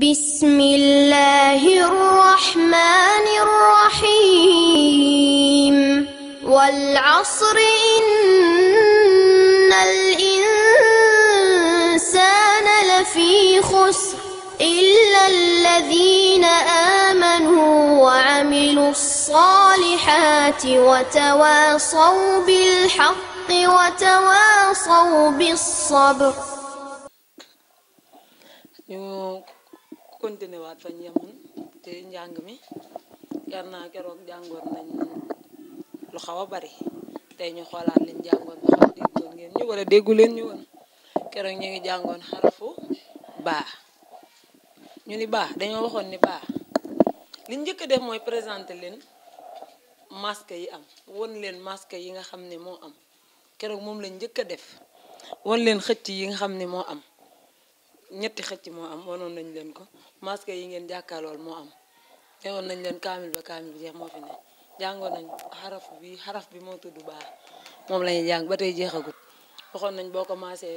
بسم الله الرحمن الرحيم والعصر إن الإنسان لفي خسر إلا الذين آمنوا وعملوا الصالحات وتواصوا بالحق وتواصوا بالصبر continué waat fa ñu yemoon te njàng mi yar naa keroog jàngoon nañ lu xaw a bari tey ñu xoolaat lañ jàngoon ba xam a ngeen ñu wala déggu leen ñu woon keroog ñu ngi jàngoon xarafu baa ñu ni baax dañoo waxoon ni baa liñ njëkk a def mooy présenter leen masque yi am won leen masque yi nga xam ne moo am keroog moom lañ njëkk a def won leen xëcc yi nga xam ne moo am ñetti xëcc moo am wanoon nañ leen ko masque yi ngeen jàkkaarlool moo am teewoon nañ leen kaamil ba kaamil bi jeex moo fi ne jàngoon nañ xaraf bi xaraf bi moo tudd baax moom lañuy jàng ba tey jeexagut waxoon nañ boo commencé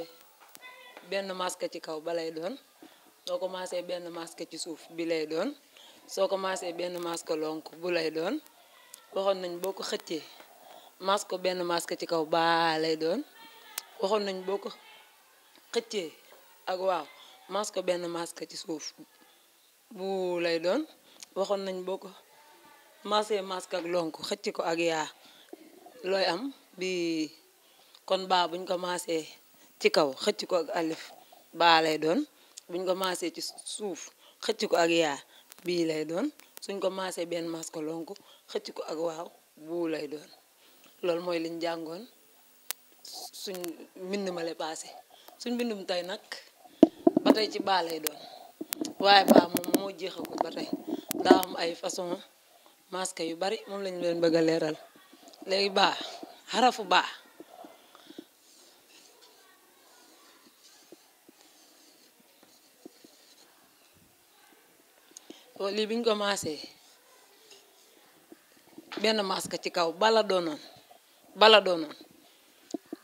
benn masque ci kaw ba doon soo commencé benn masque ci suuf bi lay doon soo commencé benn masque lonk bu doon waxoon nañ boo ko xëccee masque benn masque ci kaw baa lay doon waxoon nañ boo ko xëccee ak waaw masque benn masque ci suuf bu lay doon waxoon nañ boo ko masque masque ak lonk xëcc ko ak yaa looy am bi kon baa buñ ko masque ci kaw xëcc ko ak alif baa lay doon buñ ko masque ci suuf xëcc ko ak yaa bii lay doon suñ ko masque benn masque lonk xëcc ko ak waaw buu lay doon loolu mooy liñ jàngoon suñ mbind ma le passé suñ mbindum tey nag ba tey ci baa lay doon waaye baa moom moo jeexagul ba tey daa am ay façon masque yu bari moom lañu leen bëgg a leeral léegi baa xarafu baa lii biñ commencé benn masque ci kaw bala doonoon bala doonoon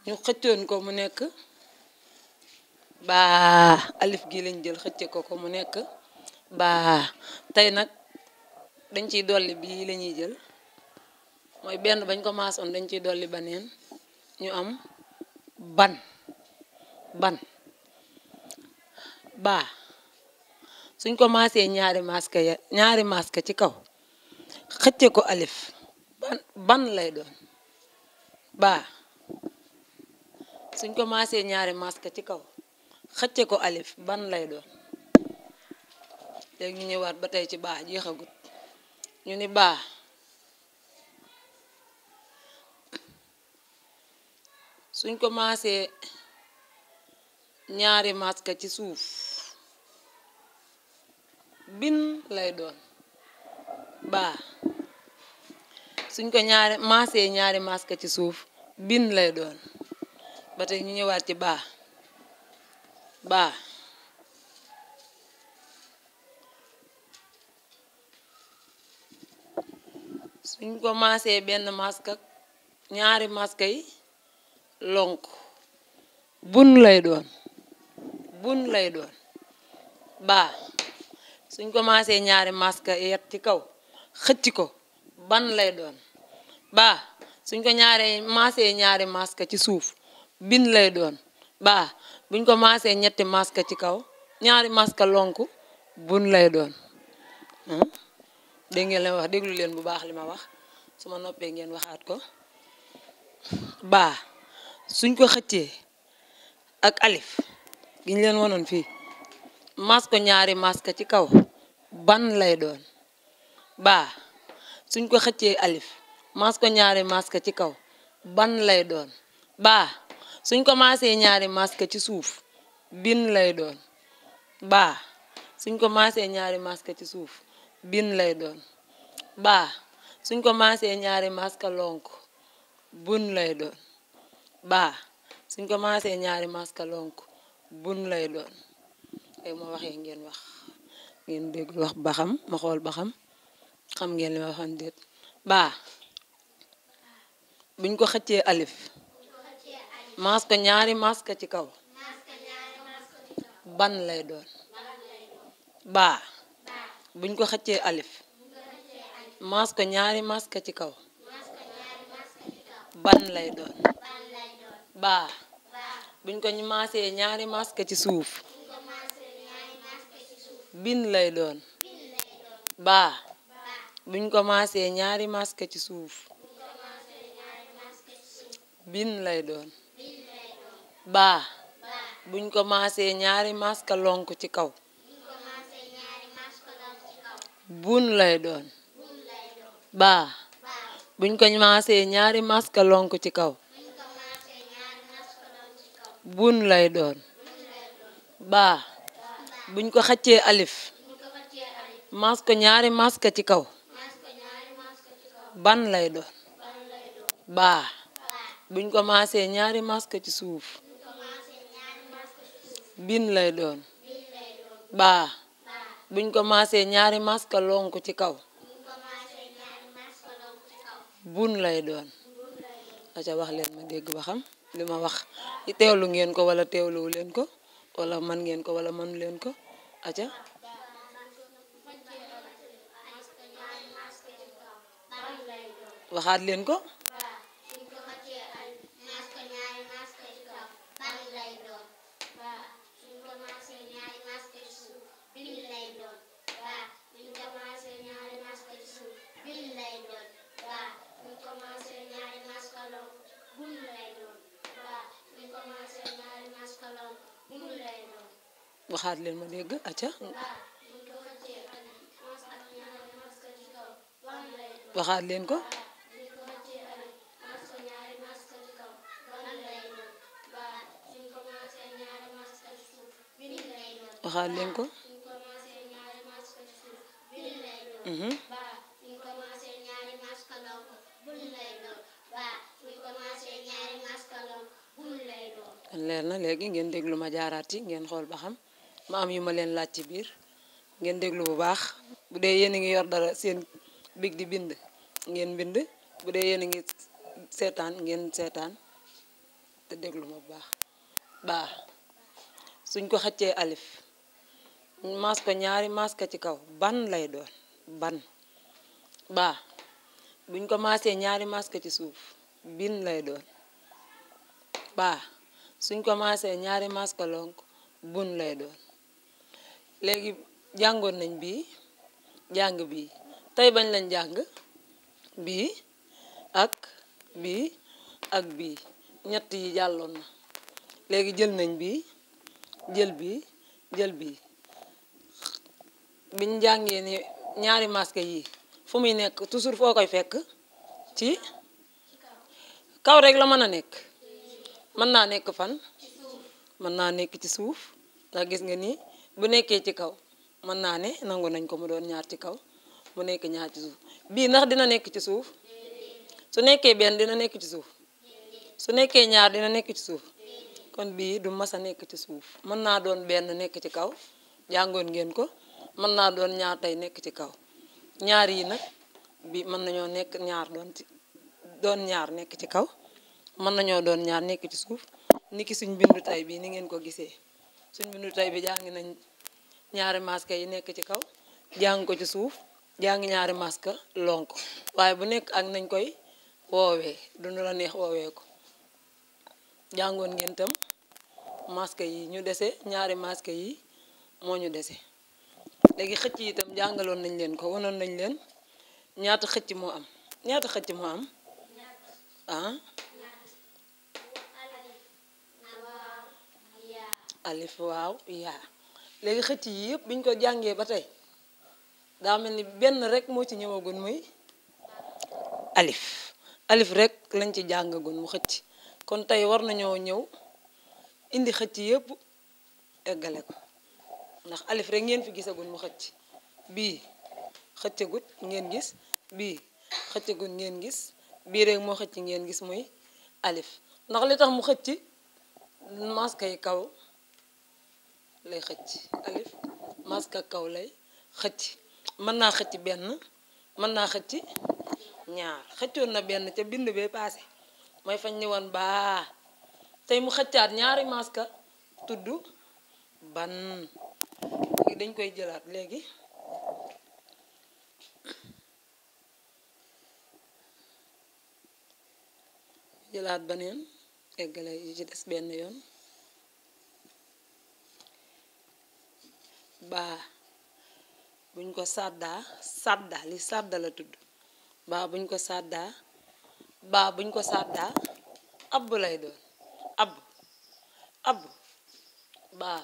ñu xëccoon ko mu nekk baa alif gi lañ jël xëcce ko ko mu nekk baa tey nag dañ ciy dolli bii lañuy jël mooy benn bañ ko maasoon dañ ciy dolli ba baneen ñu am ban ban baa suñ ko maasee ñaari maska ñaari maska ci kaw xëcce ko alif ban ban lay doon baa suñ ko maasee ñaari maska ci kaw xëcce ko alif ban lay doon léegi ñu ñëwaat ba tey ci baax jeexagut ñu ni baax suñ ko maasee ñaari maska ci suuf bin lay doon baax suñ ko ñaari ñaari maska ci suuf bin lay doon ba tey ñu ñëwaat ci baax baa suñ ko commencé benn maska ñaari maska yi lonk bun lay doon lay doon baa suñ commencé ñaari maska yet ci kaw xëcc ko ban lay doon baa suñ ko ñaaree commencé ñaari masque ci suuf bin lay doon baa buñ ko maasee ñetti masque ci kaw ñaari masque lonk bun lay doon hmm? dégg ngeen leen wax déglu leen bu baax li ma wax su ma noppee ngeen waxaat ko baa suñ ko xëccee ak alif giñ leen wanoon fii masque ñaari masque ci kaw ban lay doon baa suñ ko xëccee alif masque ñaari masque ci kaw ban lay doon baa suñ commencé ñaari masque ci suuf bin lay doon baa suñ ko commencé ñaari masque ci suuf bin lay doon baa suñ ko commencé ñaari masque lonk bun lay doon baa suñ commencé ñaari masque lonk bun lay doon tey ma waxee ngeen wax ngeen dégg wax ba xam ma xool baxam xam ngeen li ma waxoon déet baa buñ ko xëccee alif masque ñaari masque ci kaw ban lay doon baa buñ ko xëccee alif masque ñaari masque ci kaw ban lay doon baa buñ ko ñu ñaari masque ci suuf bin lay doon baa buñ ko maasee ñaari masque ci suuf bin lay doon baa buñ ko maasee ñaari maas ka lonk ci kaw bun lay doon baa buñ ko maasee ñaari maas ka ci kaw bun lay doon baa buñ ko xaccee alif maas ko ñaari maas ka ci kaw ban lay doon baa buñ ko maasee ñaari maas ka ci suuf bin lay doon baa buñ ko maasee ñaari maska lonku ci kaw bun lay doon aca wax leen ma dégg ba xam li ma wax teewlu ngeen ko wala teewluwu leen ko walla man ngeen ko wala manu leen ko aca waxaat leen ko waxaat leen ma dégg acca waxaat leen ko waxaat leen ko mhm. leer na léegi ngeen déglu ma jaaraat ngeen xool ba xam ma am yu ma leen laaj ci biir ngeen déglu bu baax bu dee yéen a ngi yor dara seen big di bind ngeen bind bu dee yéen ngi seetaan ngeen seetaan te déglu bu baax baa suñ ko xëccee alif maas ñaari maas ci kaw ban lay doon ban baa buñ ko maasee ñaari maas ko ci suuf bin lay doon baa suñ commencé ñaari masque lonk bun lay doon léegi jàngoon nañ bii jàng bii tey bañ lañ jàng bii ak bii ak bii ñett yi jàlloon na léegi jël nañ bii jël bii jël bii biñ jàngee ni ñaari masque yi fu muy nekk toujours foo koy fekk ci kaw rek la mën a nekk mën naa nekk fan mën naa nekk ci suuf ndax gis nga nii bu nekkee ci kaw mën naa ne nangu nañ ko mu doon ñaar ci kaw mu nekk ñaar ci suuf bii ndax dina nekk ci suuf su nekkee benn dina nekk ci suuf su nekkee ñaar dina nekk ci suuf kon bii du mas a nekk ci suuf mën naa doon benn nekk ci kaw jàngoon ngeen ko mën naa doon ñaar tey nekk ci kaw ñaar yi nag bi mën nañoo nekk ñaar doon doon ñaar nekk ci kaw mën nañoo doon ñaar nekk ci suuf niki suñ bindu tay bi ni ngeen ko gisee suñ bindu tay bi jàng nañ ñaari masque yi nekk ci kaw jàng ko ci suuf jàng ñaari masque lonk waaye bu nekk ak nañ koy woowee du nu la neex woowee ko jàngoon ngeen tam masque yi ñu dese ñaari masque yi moo ñu dese léegi xëcc yi itam jàngaloon nañ leen ko wanoon nañ leen ñaata xëcc moo am ñaata xëcc moo am ah? alif waaw yaa léegi xëcc yi yëpp biñ ko jàngee ba tey daa mel ni benn rekk moo ci ñëwagun muy alif alif rek lañ ci jàngagun mu xëcc kon tey war nañoo ñëw indi xëcc yépp eggale ko ndax alif rek ngeen fi gisagun mu xëcc bii xëccagut ngeen gis bii xëccagut ngeen gis bii rek moo xëcc ngeen gis muy alif ndax li tax mu xëcc maska yi kaw lay xëcc alif maska kaw lay xëcc mën naa xëcc benn mën naa xëcc ñaar xëccoon na benn ca bind bee paase mooy fañ ni woon baa tey mu xëccaat ñaari maska tudd ban léegi dañ koy jëlaat léegi jëlaat beneen eggale yi ci des benn yoon baa buñ ko sàddaa sàdda li sàdda la tudd baa buñ ko sàddaa baa buñ ko sàddaa ab lay doon ab ab baa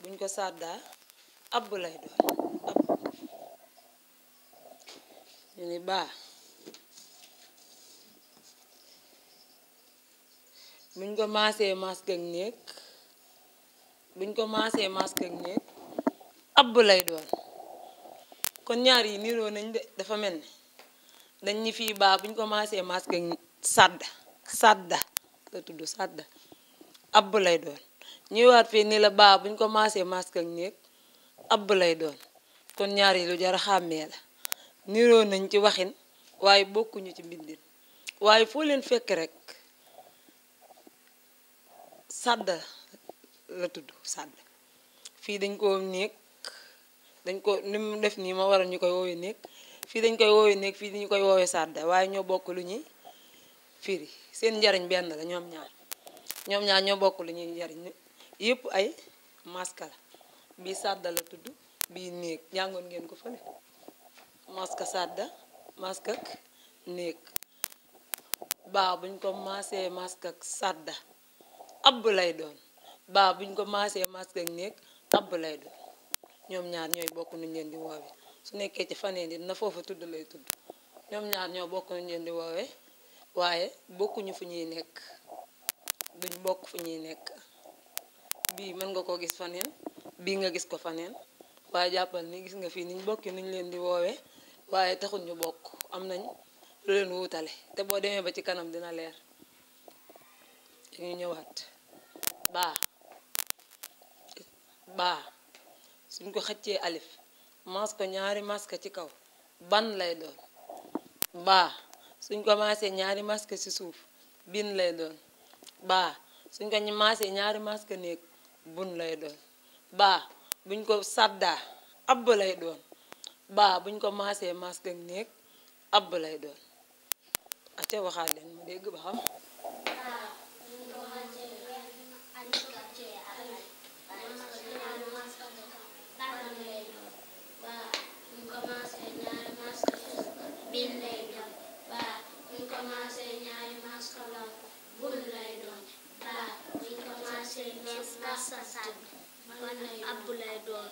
buñ ko sàddaa ab lay doon ab ñu ni baa buñ ko maasee masque ak néeg buñ ko maasee masque ak néeg ab lay doon kon ñaar yi niroo nañ de dafa mel ni dañ ñi fii baa buñ commencé masque sadda sadda la tudd sadda ab lay doon ñuy waat fii ni la baa buñ commencé masque ak néeg ab lay doon kon ñaar yi lu jar a xàmmee la niroo nañ ci waxin waaye bokkuñu ci mbindin waaye foo leen fekk rek sadda la tudd sadda fii dañ ko néeg dañ ko ni mu def nii ma waral ñu koy woowee néeg fii dañ koy woowee néeg fii dañu koy woowee sàdda waaye ñoo bokk lu ñuy firi seen njariñ benn la ñoom ñaar ñoom ñaar ñoo bokk lu ñuy njariñ yëpp ay maska la bii sàdda la tudd bii néeg jàngoon ngeen ko fële maska sàdda maska néeg baa buñ ko maasee maskak ak sàdda doon baa buñ ko maasee maska ak néeg ab lay doon ñoom ñaar ñooy bokk nuñ leen di woowee su nekkee ci faneen yi na foofu tudd lay tudd ñoom ñaar ñoo bokk nuñ leen di woowee waaye bokkuñu fu ñuy nekk duñ bokk fu ñuy nekk bii mën nga ko gis faneen bii nga gis ko faneen waaye jàppal ni gis nga fii niñ bokki nuñ leen di woowe waaye taxul ñu bokk am nañ lu leen wuutale te boo demee ba ci kanam dina leer dañuy ñëwaat baa baa suñ ko xëccee alif mas ko ñaari masque ci kaw ban lay doon baa suñ ko maasee ñaari masque ci suuf bin lay doon baa suñ ko maasee ñaari masque néeg bun lay doon baa buñ ko sàdda ab lay doon baa buñ ko maasee masque ak néeg ab lay doon aca waxaat leen mu dégg ba xam commencé ñaari maskalon bun lay doon baa buñ commencé ñeent masasat bon lay abbu lay doon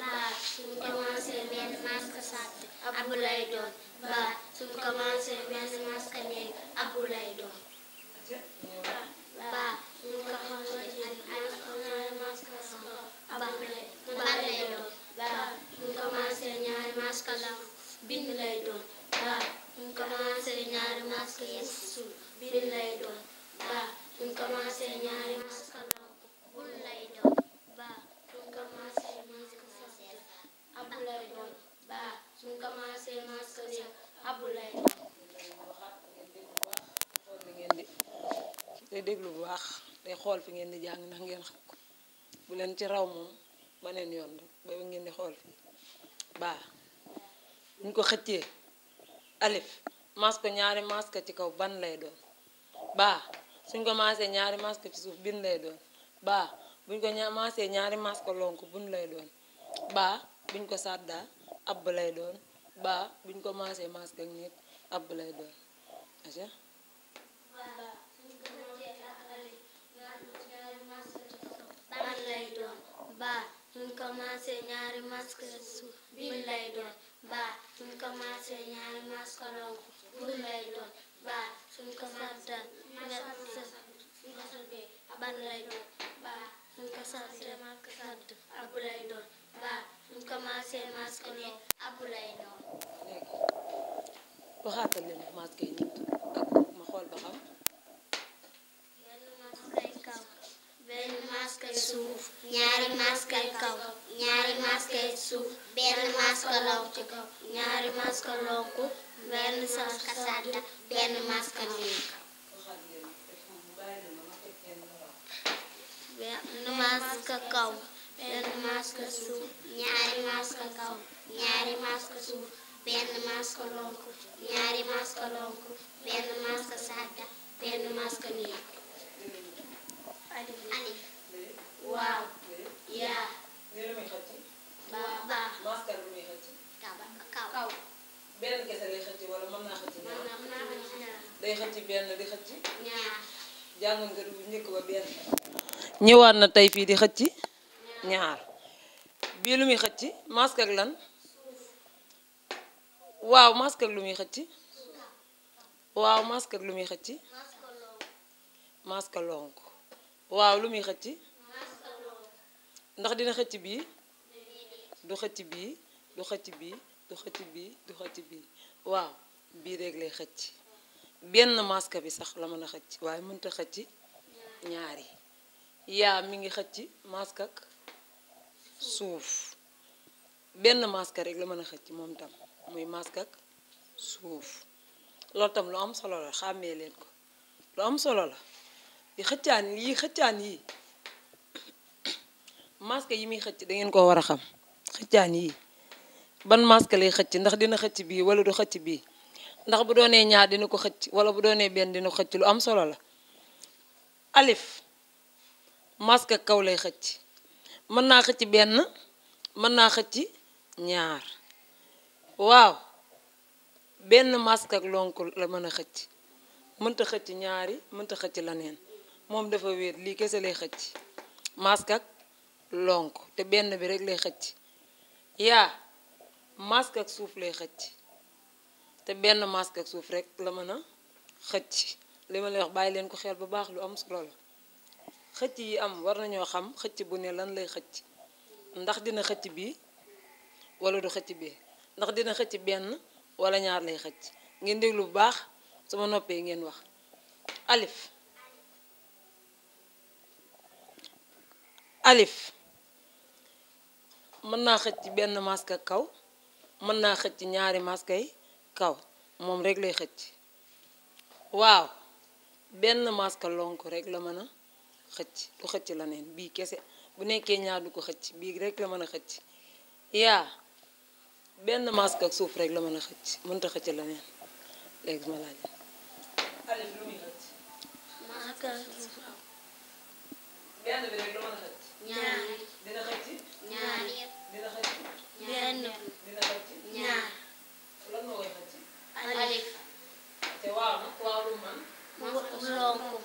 baa suñ commencé benn maska sat abbu lay doon baa suñ commencé benn maska ñeent abbu lay doon baa suñ commencé ñaari maska bal lay doon baa suñ commencé ñaari maska bind lay doon baa ñu commencé ñaari masque yi si lay doon ba ñu commencé ñaari masque law lay doon ba ñu commencé masque sax abu lay doon ba ñu commencé masque de abu lay doon. day déglu bu baax day xool fi ngeen di jàng ndax ngeen xam bu leen ci raw moom beneen yoon rek ba ngeen di xool fii ba buñ ko xëccee. alif masque ñaari masque ci kaw ban lay doon baa suñ ko maasee ñaari masque ci suuf bin lay doon baa buñ ko maasee ñaari masque lonk bun lay doon baa buñ ko sàddaa ab doon baa buñ ko maasee masque ak nit ab lay doon baa buñ ko maasee ñaari masque ci suuf bin lay doon ba suñ ko maase ñaari maas ko lonk buur lay doon ba suñ ko ban lay doon ba suñ ko sartal sant abu lay doon ba suñ ko maase maas ko ne abu lay doon waxaatal leen maas kay maska law ci kaw ñaari maska lonku benn maska sàdda benn maska néeg benn maska kaw benn maska suuf ñaari maska kaw ñaari maska suuf benn maska lonku ñaari maska lonku benn maska sàdda benn maska néeg alif waaw yaa ba ba day xëcc benn di xëcc. ñaar. na tey fii di xëcc. ñaar bii lu muy xëcc masque lan. waaw masque lu muy xëcc. waaw masque lu muy xëcc. masque lonk. waaw lu muy xëcc. ndax dina xëcc bii. du xëcc bii du xëcc bii du xëcc bii du xëcc bii waaw bii rek lay xëcc benn masque bi sax la mën a xëcc waaye mënta xëcc ñaari yaa mi ngi xëcc masque suuf benn masque rek la mën a xëcc moom tam muy masque ak suuf loolu lu am solo la xàmmee leen ko lu am solo la yi xëccaan yi xëccaan yi masque yi muy xëcc da ngeen koo war a xam xëccaan yi ban masque lay xëcc ndax dina xëcc bii walla du xëcc bii ndax bu doonee ñaar dina ko xëcc wala bu doonee benn dina ko xëcc lu am solo la alif masque kaw lay xëcc mën naa xëcc benn mën naa xëcc ñaar waaw benn masque ak lonku la mën a xëcc mënta xëcc ñaari mënta xëcc leneen moom dafa wéet lii kese lay xëcc masque ak lonku te benn bi rek lay xëcc yaa masque ak suuf lay xëcc te benn masque ak suuf rek la mën a xëcc li ma lay wax bàyyi leen ko xel bu baax lu am solo la xëcc yi am war nañoo xam xëcc bu ne lan lay xëcc ndax dina xëcc bii wala du xëcc bii ndax dina xëcc benn wala ñaar lay xëcc ngeen déglu bu baax sama noppee ngeen wax alif alif mën naa xëcc ci benn masque kaw mën naa xëcc ci ñaari masque yi kaw moom rekk lay xëcc waaw benn masque lonk rek la mën a xëcc du xëcc la neen bii kese bu nekkee ñaar du ko xëcc bii rek la mën a xëcc yaa benn masque ak suuf rek la mën a xëcc mënta xëcc la neen léegi ma laaj benn benn ñaar alif te waaw lu man mu lonku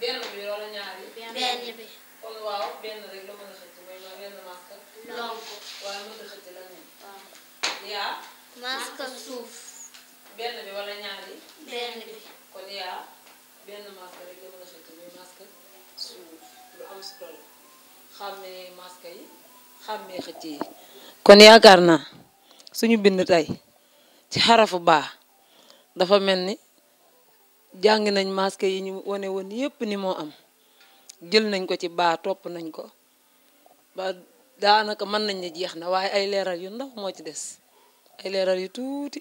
benn bi wala ñaar yi benn bi kon waaw benn rek la mën a xëcc mooy ma benn masque lonku waaye mën a benn bi kon yaa benn masque rek la mën a xëcc mooy masque suuf lu am solo xam ne masque yi xam ne xëcc yi kon yaakaar naa suñu bind tey ci xarafu baa dafa mel ni jàng nañ masque yi ñu wane woon yépp ni moo am jël nañ ko ci baa topp nañ ko ba daanaka mën nañ ne jeex na waaye ay leeral yu ndaw moo ci des ay leeral yu tuuti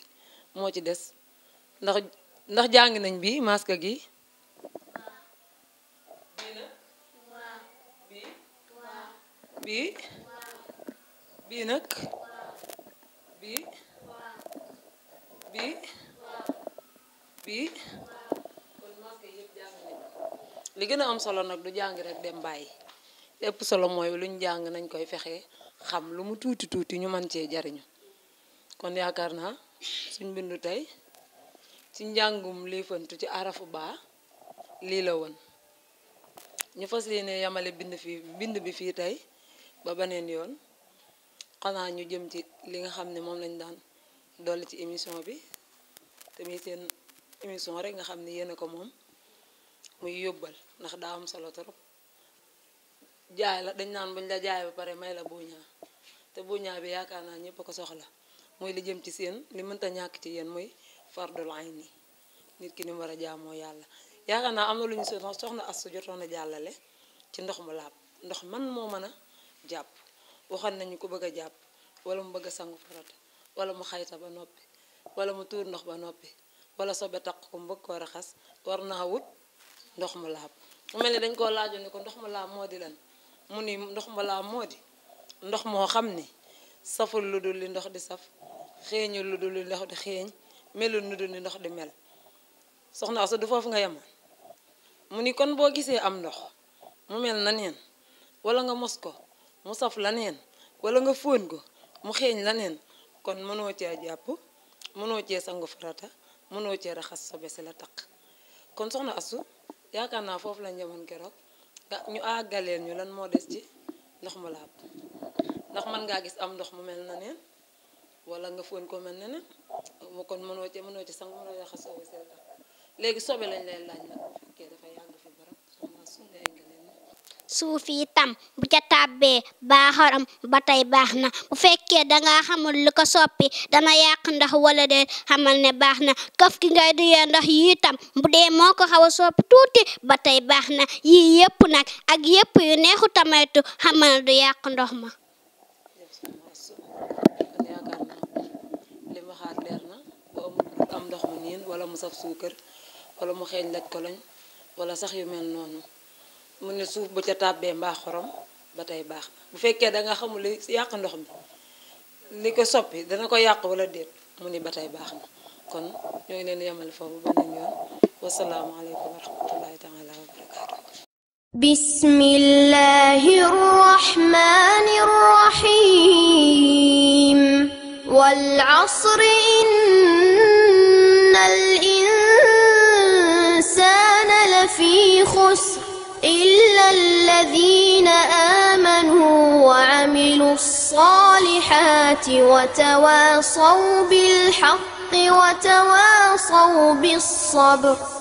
moo ci des ndax ndax jàng nañ bi masque gi bi bii nag bii bii bii li gën a am solo nag du jàng rek dem bàyyi lépp solo mooy luñ jàng nañ koy fexe xam lu mu tuuti tuuti ñu mën cee jariñu kon yaakaar naa suñ bindu tey ci njàngum liifantu ci arafu baa lii la woon ñu fas yéene yamale bind fii bind bi fii tey ba beneen yoon xanaa ñu jëm ci li nga xam ne moom lañ daan dolli ci émission bi tamit seen émission rek nga xam ne yéen a ko moom muy yóbbal ndax daa am solo trop jaay la dañ naan buñ la jaay ba pare may la buñaa te buñaa bi yaakaar naa ñëpp a ko soxla mooy li jëm ci seen li mënta ñàkk ci yéen de fardul ayni nit ki ni mu war a jaamoo yàlla yaakaar naa am na lu ñu soxna soxna as jotoon a jàllale ci ndox mu laab ndox man moo mën a jàpp waxoon nañu ko bëgg a jàpp wala mu bëgg a sangu farata wala mu xayta ba noppi wala mu tuur ndox ba noppi wala sobe taq ko mu bëgg koo raxas war naa wut ndox mu laab ni dañ koo laajoon ni ko ndox mu moo di lan mu ni ndox mu moo di ndox moo xam ni saful lu dul li ndox di saf xeeñul lu dul li ndox di xeeñ melul lu dul li ndox di mel soxnaa sa du foofu nga yemoon mu ni kon boo gisee am ndox mu mel na neen wala nga mos ko mu saf laneen wala nga fóon ko mu xeeñ laneen kon mënoo cee jàpp mënoo cee sangu farata mënoo cee raxas sa si la takk kon soxna Astu yaakaar naa foofu lañ yemoon keroog ñu àggaleel ñu lan moo des ci ndox mu laab ndax mën ngaa gis am ndox mu mel na neen walla nga fóon ko mel ne ne kon mënoo ci mënoo ci sangu mënoo raxas sa bese la taq léegi sobe lañ lay laaj nag bu fekkee dafa yàgg fi barab suuf yi tam bu ca tàbbee baaxaram ba tey baax na bu fekkee dangaa xamul lu ko soppi dana yàq ndox wala de xamal ne baax na këf gi ngay duyee ndox yi tam bu dee moo ko xaw a soppi tuuti ba tey baax na yii yépp nag ak yépp yu neexu tamaytu xamal ne du yàq ndox ma am ndox mu niin wala mu saf wala mu xeeñ laj wala sax yu mel noonu mu ne suuf bu ca tàbbee mbaax xorom ba tey baax na bu fekkee danga xamul yàq ndox mi li ko soppi dana ko yàq wala déet mu ni ba tey baax na kon ñoo ngi leen yemal foofu beneen yoon wasalaamaaleykum wa rahmatullahi taala wa barakaatu bismillahi rahmani rahim wal asri innal الذين آمنوا وعملوا الصالحات وتواصوا بالحق وتواصوا بالصبر